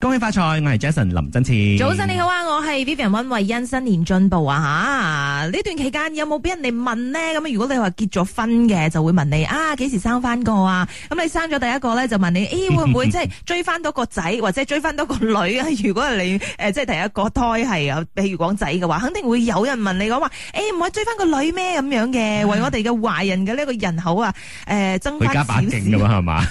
恭喜發財！我係 Jason 林真志。早晨你好 ian, 啊，我係 Vivian 溫慧欣。新年進步啊吓！呢段期間有冇俾人哋問呢？咁如果你話結咗婚嘅，就會問你啊，幾時生翻個啊？咁你生咗第一個咧，就問你誒、欸，會唔會即係追翻多個仔， 或者追翻多個女啊？如果係你誒、呃，即係第一個胎係啊，譬如講仔嘅話，肯定會有人問你講話誒，唔、欸，可以追翻個女咩咁樣嘅？為我哋嘅華人嘅呢個人口啊，誒、呃，增加把勁㗎嘛係嘛？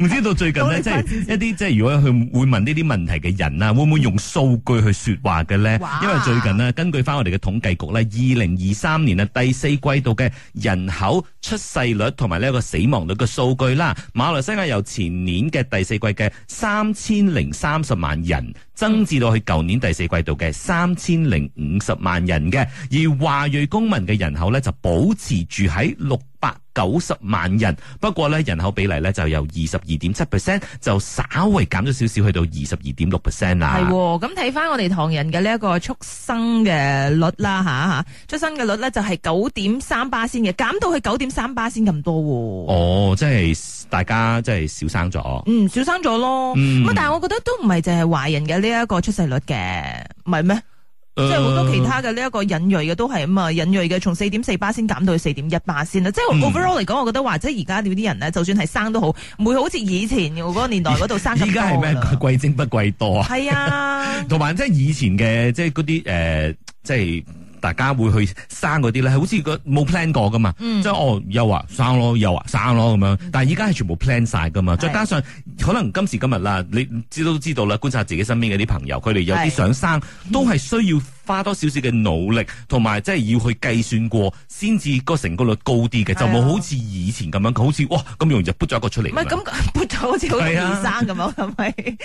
唔 知道最近咧，即係 一啲即係如果佢會問。呢啲問，問題嘅人啊，會唔會用數據去說話嘅呢？哇因為最近咧，根據翻我哋嘅統計局呢，二零二三年啊第四季度嘅人口出世率同埋呢個死亡率嘅數據啦，馬來西亞由前年嘅第四季嘅三千零三十萬人。增至到去舊年第四季度嘅三千零五十萬人嘅，而華裔公民嘅人口咧就保持住喺六百九十萬人。不過咧人口比例咧就由二十二點七 percent 就稍為減咗少少，去到二十二點六 percent 啦。係，咁睇返我哋唐人嘅呢一個出生嘅率啦，吓，吓出生嘅率咧就係九點三巴仙嘅，減到去九點三巴仙咁多喎。哦，即係。大家即係少生咗，嗯，少生咗咯。咁、嗯、但係我覺得都唔係淨係華人嘅呢一個出世率嘅，唔係咩？呃、即係好多其他嘅呢一個印裔嘅都係咁啊，印裔嘅從四點四八先減到去四點一八先啦。即係 overall 嚟講，我覺得或者而家呢啲人咧，就算係生都好，唔會好似以前嗰個年代嗰度生。而家係咩？貴精不貴多啊？係啊， 同埋即係以前嘅，即係嗰啲誒，即係。大家會去生嗰啲咧，好似冇 plan 過噶嘛，嗯、即係哦又話生咯，又話生咯咁樣。但係而家係全部 plan 曬噶嘛，是的 再加上可能今時今日啦，你知都知道啦，觀察自己身邊嘅啲朋友，佢哋有啲想生是的 都係需要，花多少少嘅努力，同埋即係要去計算過，先至個成功率高啲嘅，的就冇好似以前咁樣，好似哇咁容易就揼咗一個出嚟。唔係咁揼咗好似好容易生咁樣？係咪是的？乜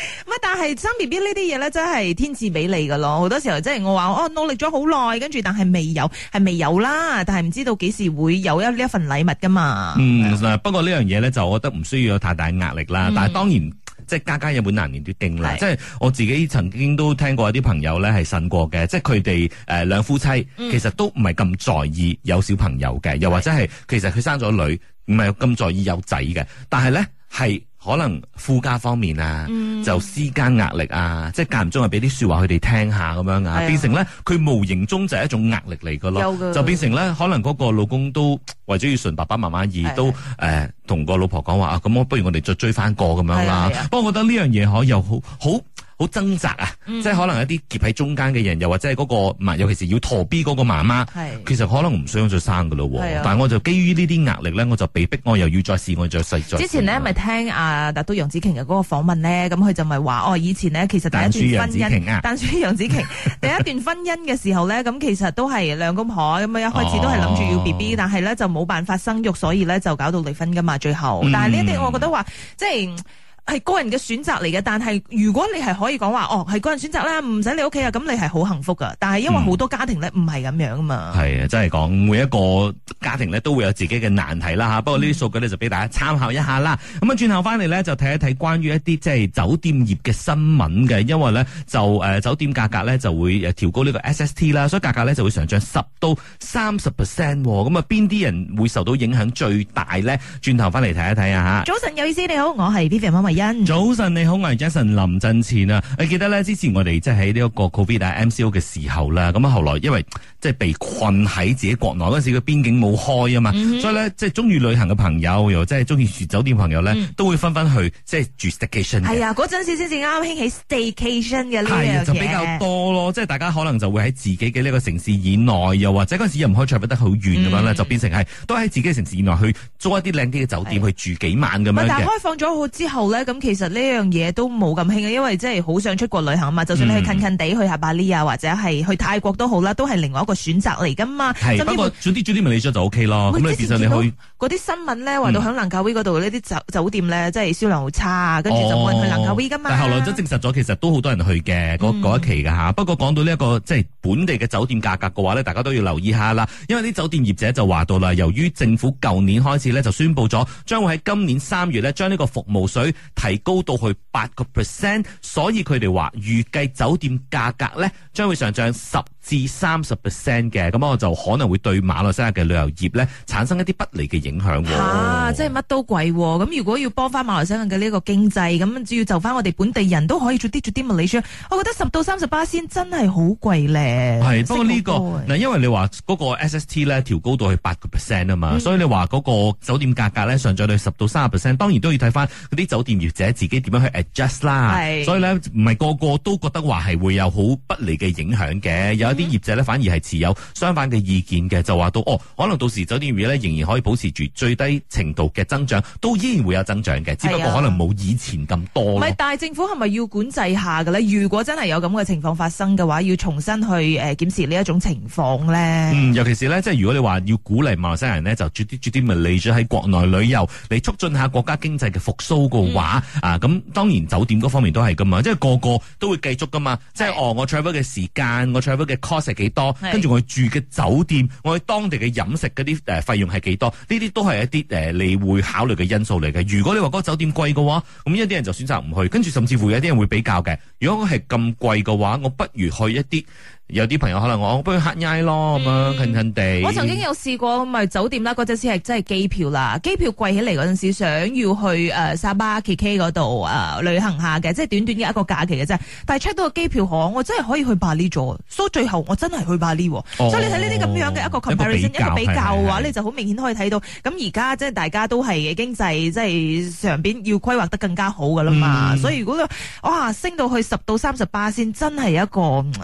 但係生 B B 呢啲嘢咧，真係天賜俾你噶咯。好多時候即係我話哦，努力咗好耐，跟住但係未有，係未有啦。但係唔知道幾時會有一呢一份禮物噶嘛。嗯，的不過呢樣嘢咧，就我覺得唔需要有太大壓力啦。嗯、但係當然。即係家家有本難唸啲經啦，是即係我自己曾經都聽過一啲朋友咧係信過嘅，是即係佢哋誒兩夫妻、嗯、其實都唔係咁在意有小朋友嘅，又或者係是其實佢生咗女唔係咁在意有仔嘅，但係咧係。可能附加方面啊，就施加壓力啊，即係間唔中係俾啲説話佢哋聽下咁樣啊，變成咧佢無形中就係一種壓力嚟嘅咯，就變成咧可能嗰個老公都為咗要順爸爸媽媽而都誒同個老婆講話啊，咁我不如我哋再追翻個咁樣啦。不過我覺得呢樣嘢可又好好。好掙扎啊！嗯、即係可能一啲夾喺中間嘅人，又或者係嗰、那個，尤其是要陀 B 嗰個媽媽，係是其實可能唔想再生噶咯、啊。啊、但係我就基於呢啲壓力咧，我就被逼，我又要再試，我再細再。之前咧咪聽阿特、啊、都楊子晴嘅嗰個訪問咧，咁佢就咪話哦，以前咧其實第一段婚姻楊啊，但係楊子晴 第一段婚姻嘅時候咧，咁其實都係兩公婆咁啊， 一開始都係諗住要 B B，但係咧就冇辦法生育，所以咧就搞到離婚噶嘛，最後。嗯、但係呢啲我覺得話即係。係個人嘅選擇嚟嘅，但係如果你係可以講話，哦係個人選擇啦，唔使你屋企啊，咁你係好幸福噶。但係因為好多家庭咧唔係咁樣啊嘛。係啊、嗯，真係講每一個家庭咧都會有自己嘅難題啦吓。不過呢啲數據咧就俾大家參考一下啦。咁啊、嗯，轉頭翻嚟咧就睇一睇關於一啲即係酒店業嘅新聞嘅，因為咧就誒、呃、酒店價格咧就會誒調高呢個 SST 啦，所以價格咧就會上漲十到三十 percent。咁啊，邊啲人會受到影響最大咧？轉頭翻嚟睇一睇啊吓。早晨有意思，你好，我係 Vivian 媽早晨，你好，我係 Jason。林振前啊！你記得咧之前我哋即係喺呢一個 COVID MCO 嘅時候啦。咁啊後來因為即係被困喺自己國內嗰陣時，個邊境冇開啊嘛，嗯、哼所以咧即係中意旅行嘅朋友又即係中意住酒店朋友咧，嗯、都會分分去即係、就是、住 staycation 係啊，嗰陣時先至啱興起 staycation 嘅呢就比較多咯，即係大家可能就會喺自己嘅呢個城市以內又或者係嗰時又唔可以出得好遠咁樣咧，嗯、就變成係都喺自己嘅城市以內去租一啲靚啲嘅酒店是去住幾晚咁樣，但係開放咗之後咧。咁其實呢樣嘢都冇咁興啊，因為即係好想出國旅行嘛。嗯、就算你去近近地去下巴黎啊，或者係去泰國都好啦，都係另外一個選擇嚟噶嘛。係是，嗰啲做啲做啲文章就 OK 咯。咁之你其實你去嗰啲新聞咧話到響蘭卡坊威嗰度呢啲酒酒店咧，即係銷量好差，跟住就冇人去蘭卡威噶嘛。哦、但後來真證實咗，其實都好多人去嘅嗰一期噶嚇。嗯、不過講到呢、這、一個即係、就是、本地嘅酒店價格嘅話咧，大家都要留意下啦。因為啲酒店業者就話到啦，由於政府舊年開始咧就宣布咗，將會喺今年三月咧將呢個服務水提高到去八個 percent，所以佢哋話預計酒店價格咧將會上漲十至三十 percent 嘅，咁我就可能會對馬來西亞嘅旅遊業咧產生一啲不利嘅影響、啊。嚇、啊，即係乜都貴喎、啊。咁如果要幫翻馬來西亞嘅呢個經濟，咁要就翻我哋本地人都可以做啲做啲物嚟出。我覺得十到三十巴仙真係好貴咧、啊。係，不過呢個嗱，啊、因為你話嗰個 SST 咧調高到去八個 percent 啊嘛，所以你話嗰個酒店價格咧上漲到十到三十 percent，當然都要睇翻嗰啲酒店業者自己點樣去 adjust 啦。係，所以咧唔係個個都覺得話係會有好不利嘅影響嘅有。嗯啲、嗯、業者咧反而係持有相反嘅意見嘅，就話到哦，可能到時酒店業咧仍然可以保持住最低程度嘅增長，都依然會有增長嘅，只不過可能冇以前咁多。唔係、啊、大政府係咪要管制下嘅咧？如果真係有咁嘅情況發生嘅話，要重新去誒檢視呢一種情況咧、嗯。尤其是咧，即係如果你話要鼓勵馬來西人咧，就逐啲逐啲咪嚟咗喺國內旅遊，嚟促進下國家經濟嘅復甦嘅話，嗯、啊，咁當然酒店嗰方面都係噶嘛，即係個個都會繼續噶嘛，即係的哦，我 travel 嘅時間，我 travel 嘅。cost 係幾多？跟是住我住嘅酒店，我去當地嘅飲食嗰啲誒費用係幾多？呢啲都係一啲誒、呃、你會考慮嘅因素嚟嘅。如果你話嗰個酒店貴嘅話，咁一啲人就選擇唔去。跟住甚至乎有啲人會比較嘅。如果係咁貴嘅話，我不如去一啲。有啲朋友可能我，不如乞曳咯咁樣、嗯、近近地。我曾經有試過，咪酒店啦，嗰陣時係真係機票啦，機票貴起嚟嗰陣時，想要去誒、呃、沙巴 K K 嗰度啊，旅行下嘅，即係短短嘅一個假期嘅啫。但係 check 到個機票我真係可以去巴厘島，所以最後我真係去巴厘。哦、所以你睇呢啲咁樣嘅一個 comparison，一個比較嘅話咧，你就好明顯可以睇到，咁而家即係大家都係經濟即係上邊要規劃得更加好噶啦嘛。嗯、所以如果啊，哇，升到去十到三十八先，真係一個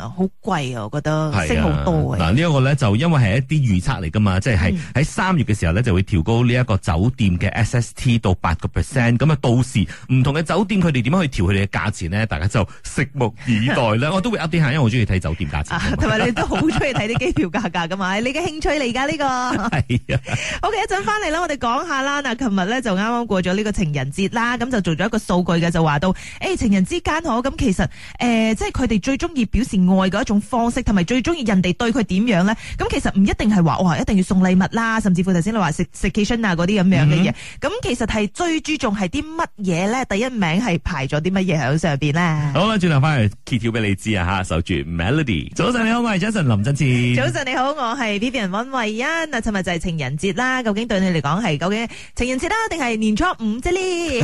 好貴。我覺得升好多嗱，啊啊這個、呢一個咧就因為係一啲預測嚟噶嘛，即係喺三月嘅時候咧就會調高呢一個酒店嘅 SST 到八個 percent。咁啊、嗯、到時唔同嘅酒店佢哋點樣去調佢哋嘅價錢咧？大家就拭目以待啦。 我都會 update 下，因為我中意睇酒店價錢。同埋、啊、你都好中意睇啲機票價格噶嘛？ 你嘅興趣嚟噶呢個。係 是啊 okay, 說說。OK，一陣翻嚟啦，我哋講下啦。嗱，琴日咧就啱啱過咗呢個情人節啦，咁就做咗一個數據嘅，就話到誒、欸，情人之間可咁其實誒、呃，即係佢哋最中意表示愛嘅一種方式同埋最中意人哋對佢點樣咧？咁其實唔一定係話哇，一定要送禮物啦，甚至乎頭先你話食食 c a j 啊嗰啲咁樣嘅嘢。咁、嗯、其實係最注重係啲乜嘢咧？第一名係排咗啲乜嘢喺上邊咧？好啦，轉頭翻嚟揭曉俾你知啊嚇，守住 Melody。早晨你好，我係 Jason 林振志。早晨你好，我係 Vivian 溫慧欣。嗱，尋日就係情人節啦，究竟對你嚟講係究竟情人節啦，定係年初五啫咧？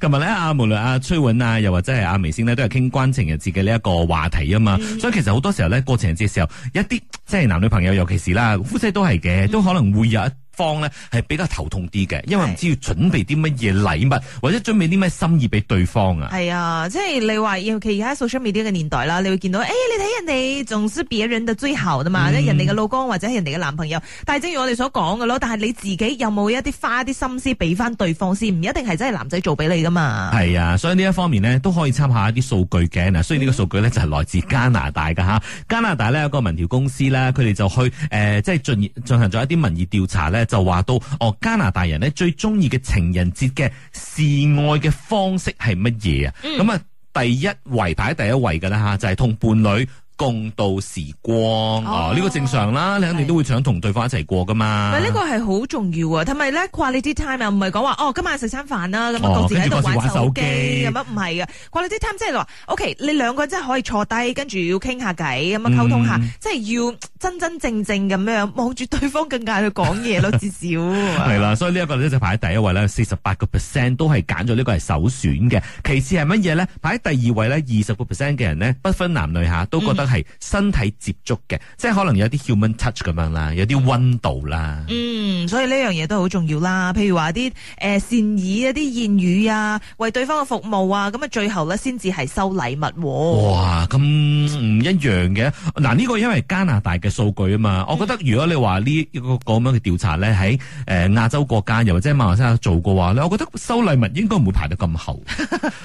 尋日咧啊，無論阿崔允啊，又或者係阿眉星咧，都係傾關情人節嘅呢一個話題啊嘛，嗯、所以其實好多時候，咧過情人節嘅時候，一啲即係男女朋友，尤其是啦，夫妻都係嘅，都可能會有方咧係比較頭痛啲嘅，因為唔知要準備啲乜嘢禮物，是或者準備啲咩心意俾對方啊？係啊，即係你話尤其而家 social media 嘅年代啦，你會見到，哎、欸，你睇人哋仲識 bear 戀到最後嘅嘛？即、嗯、人哋嘅老公或者係人哋嘅男朋友。但係正如我哋所講嘅咯，但係你自己有冇一啲花啲心思俾翻對方先？唔一定係真係男仔做俾你噶嘛。係啊，所以呢一方面呢都可以參考一啲數據嘅嗱。所以呢個數據咧就係、是、來自加拿大嘅嚇。嗯、加拿大咧有個民調公司咧，佢哋就去誒、呃，即係進進行咗一啲民意調查咧。就話到哦，加拿大人咧最中意嘅情人節嘅示愛嘅方式係乜嘢啊？咁啊、嗯，第一圍排喺第一位嘅啦吓就係、是、同伴侶。共度時光啊，呢個正常啦，你肯定都會想同對方一齊過噶嘛。呢個係好重要啊，同埋咧 quality time 啊，唔係講話哦，今晚食餐飯啦，咁啊各自喺度玩手機，咁啊唔係嘅 quality time 即係話，O K，你兩個真係可以坐低，跟住要傾下偈，咁啊溝通下，即係要真真正正咁樣望住對方，更加去講嘢咯，至少係啦。所以呢一個咧就排喺第一位咧，四十八個 percent 都係揀咗呢個係首選嘅。其次係乜嘢咧？排喺第二位咧，二十個 percent 嘅人咧，不分男女下，都覺得，係身體接觸嘅，即係可能有啲 human touch 咁樣啦，有啲溫度啦。嗯，所以呢樣嘢都好重要啦。譬如話啲誒善意一啲言語啊，為對方嘅服務啊，咁啊最後咧先至係收禮物。哇，咁唔一樣嘅。嗱、這、呢個因為加拿大嘅數據啊嘛，嗯、我覺得如果你話呢一個咁樣嘅調查咧，喺誒、呃、亞洲國家又或者馬來西亞做過啊，咧我覺得收禮物應該唔會排得咁後，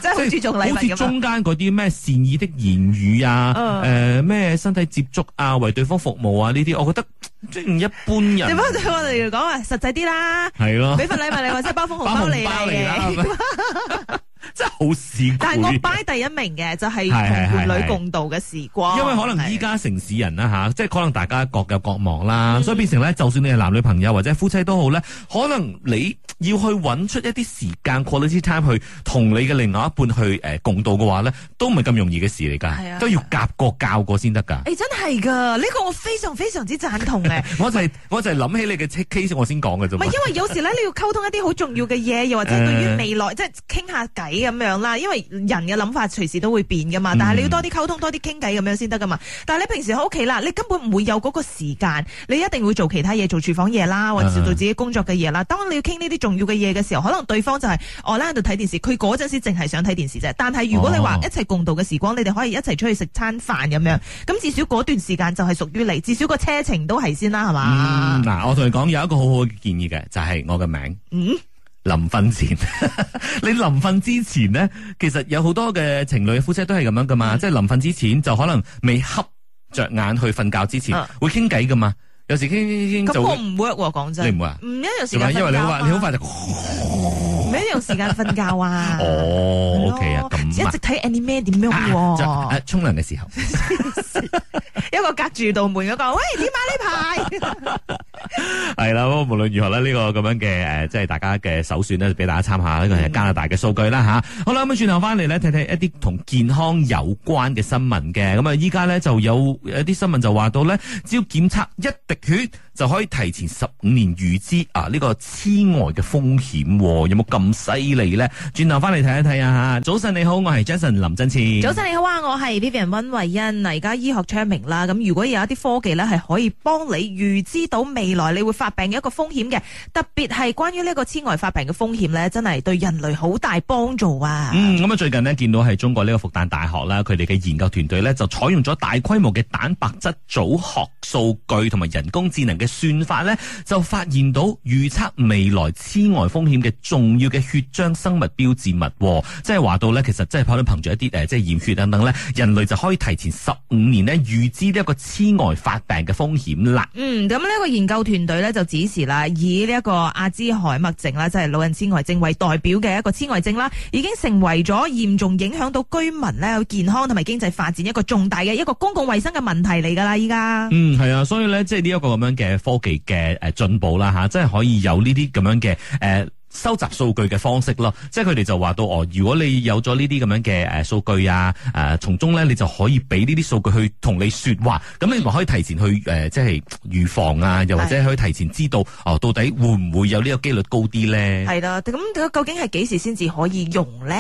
即係 好似做禮物咁。 好似中間嗰啲咩善意的言語啊，誒、呃。嗯誒，咩、呃、身體接觸啊，為對方服務啊，呢啲我覺得即唔一般人。你翻對我哋嚟講啊，實際啲啦。係咯是的，俾 份禮物你或者包封紅包你啦。 真係好珍貴，但係我擺第一名嘅就係同伴侶共度嘅時光。是是是是因為可能依家城市人啦吓、啊，即係可能大家各有各忙啦，嗯、所以變成咧，就算你係男女朋友或者夫妻都好咧，可能你要去揾出一啲時間，過呢啲 time 去同你嘅另外一半去誒、呃、共度嘅話咧，都唔係咁容易嘅事嚟噶，是啊是啊都要夾過教過先得噶。誒、欸，真係噶，呢、這個我非常非常之贊同嘅。 我就係、是、 我就係諗起你嘅 case，我先講嘅啫。係，因為有時咧，你要溝通一啲好重要嘅嘢，又或者對於未來， 即係傾下偈。咁樣啦，因為人嘅諗法隨時都會變噶嘛、嗯、嘛,但係你要多啲溝通,多啲傾偈咁樣先得噶嘛。但係你平時喺屋企啦，你根本唔會有嗰個時間，你一定會做其他嘢，做廚房嘢啦，或者做自己工作嘅嘢啦。嗯、當你要傾呢啲重要嘅嘢嘅時候，可能對方就係、是、我喺度睇電視，佢嗰陣時淨係想睇電視啫。但係如果你話一齊共度嘅時光，哦、你哋可以一齊出去食餐飯咁樣，咁至少嗰段時間就係屬於你，至少個車程都係先啦，係嘛？嗱、嗯，我同你講有一個好好嘅建議嘅，就係、是、我嘅名。嗯臨瞓臨前， 你臨瞓之前咧，其實有好多嘅情侶夫妻都係咁樣噶嘛，嗯、即係臨瞓之前就可能未合着眼去瞓覺之前、啊、會傾偈噶嘛，有時傾傾傾就會。咁我唔會，講真。你唔會啊？唔一日時間瞓覺。因為你話你好快就。啊唔使 用時間瞓覺啊！哦，OK 喏啊，咁一直睇 Anime 點樣喎，啊？誒、啊，沖涼嘅時候， 一個隔住道門嗰、那個，喂，點啊呢排係啦， 無論如何咧，呢、這個咁樣嘅誒、呃，即係大家嘅首選咧，俾大家參考呢個係加拿大嘅數據啦嚇。啊嗯、好啦，咁樣轉頭翻嚟咧，睇睇一啲同健康有關嘅新聞嘅。咁啊，依家咧就有，有一啲新聞就話到咧，只要檢測一滴血。就可以提前十五年預知啊呢、呢個痴呆嘅風險、哦、有冇咁犀利咧？轉頭翻嚟睇一睇啊！早晨你好，我係 Jason 林振超。早晨你好啊，我係 Livian 温慧欣。而家醫學昌明啦，咁如果有一啲科技咧係可以幫你預知到未來你會發病嘅一個風險嘅，特別係關於呢個痴呆發病嘅風險咧，真係對人類好大幫助啊！嗯，咁、嗯、啊、嗯、最近呢，見到係中國呢個復旦大學啦，佢哋嘅研究團隊咧就採用咗大規模嘅蛋白質組學數據同埋人工智能嘅。嘅算法咧，就發現到預測未來痴呆風險嘅重要嘅血漿生物標誌物、哦，即係話到咧，其實即係可能憑住一啲誒、呃，即係驗血等等咧，人類就可以提前十五年咧預知呢一個痴呆發病嘅風險啦。嗯，咁呢一個研究團隊咧就指示啦，以呢一個阿茲海默症啦，即係老人痴呆症為代表嘅一個痴呆症啦，已經成為咗嚴重影響到居民咧健康同埋經濟發展一個重大嘅一個公共衛生嘅問題嚟噶啦，依家。嗯，係啊，所以咧，即係呢一個咁樣嘅。科技嘅誒進步啦吓，即係可以有呢啲咁樣嘅誒。呃收集數據嘅方式咯，即係佢哋就話到哦，如果你有咗呢啲咁樣嘅誒數據啊，誒、呃、從中咧，你就可以俾呢啲數據去同你說話，咁你咪可以提前去誒、呃、即係預防啊，又或者可以提前知道的哦，到底會唔會有呢個幾率高啲咧？係啦，咁究竟係幾時先至可以用咧？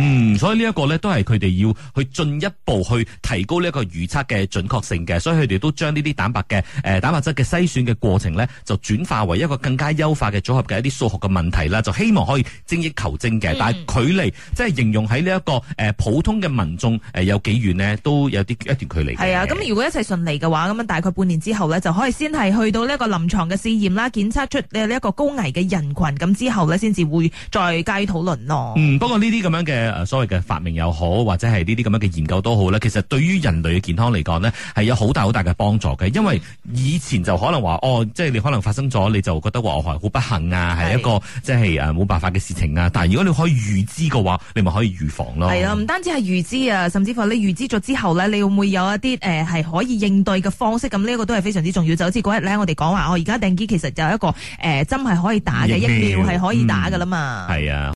嗯，所以呢一個咧都係佢哋要去進一步去提高呢一個預測嘅準確性嘅，所以佢哋都將呢啲蛋白嘅誒、呃、蛋白質嘅篩選嘅過程咧，就轉化為一個更加優化嘅組合嘅一啲數學嘅問題。就希望可以精益求精嘅，但係距離、嗯、即係形容喺呢一個誒、呃、普通嘅民眾誒有幾遠呢，都有啲一,一段距離嘅。係啊，咁如果一切順利嘅話，咁樣大概半年之後呢，就可以先係去到呢一個臨床嘅試驗啦，檢測出誒呢一個高危嘅人群，咁之後呢，先至會再加以討論咯。嗯，不過呢啲咁樣嘅、呃、所謂嘅發明又好，或者係呢啲咁樣嘅研究都好呢，其實對於人類嘅健康嚟講呢，係有好大好大嘅幫助嘅，因為以前就可能話哦，即係你可能發生咗，你就覺得話我好不幸啊，係一個即係啊，冇辦法嘅事情啊，但係如果你可以預知嘅話，你咪可以預防咯。係啊，唔單止係預知啊，甚至乎你預知咗之後咧，你會唔會有一啲誒係可以應對嘅方式？咁、這、呢、個哦、一個都係非常之重要。就好似嗰日咧，我哋講話我而家訂機，其實就有一個誒，針係可以打嘅，疫苗秒，係可以打噶啦嘛。係啊、嗯。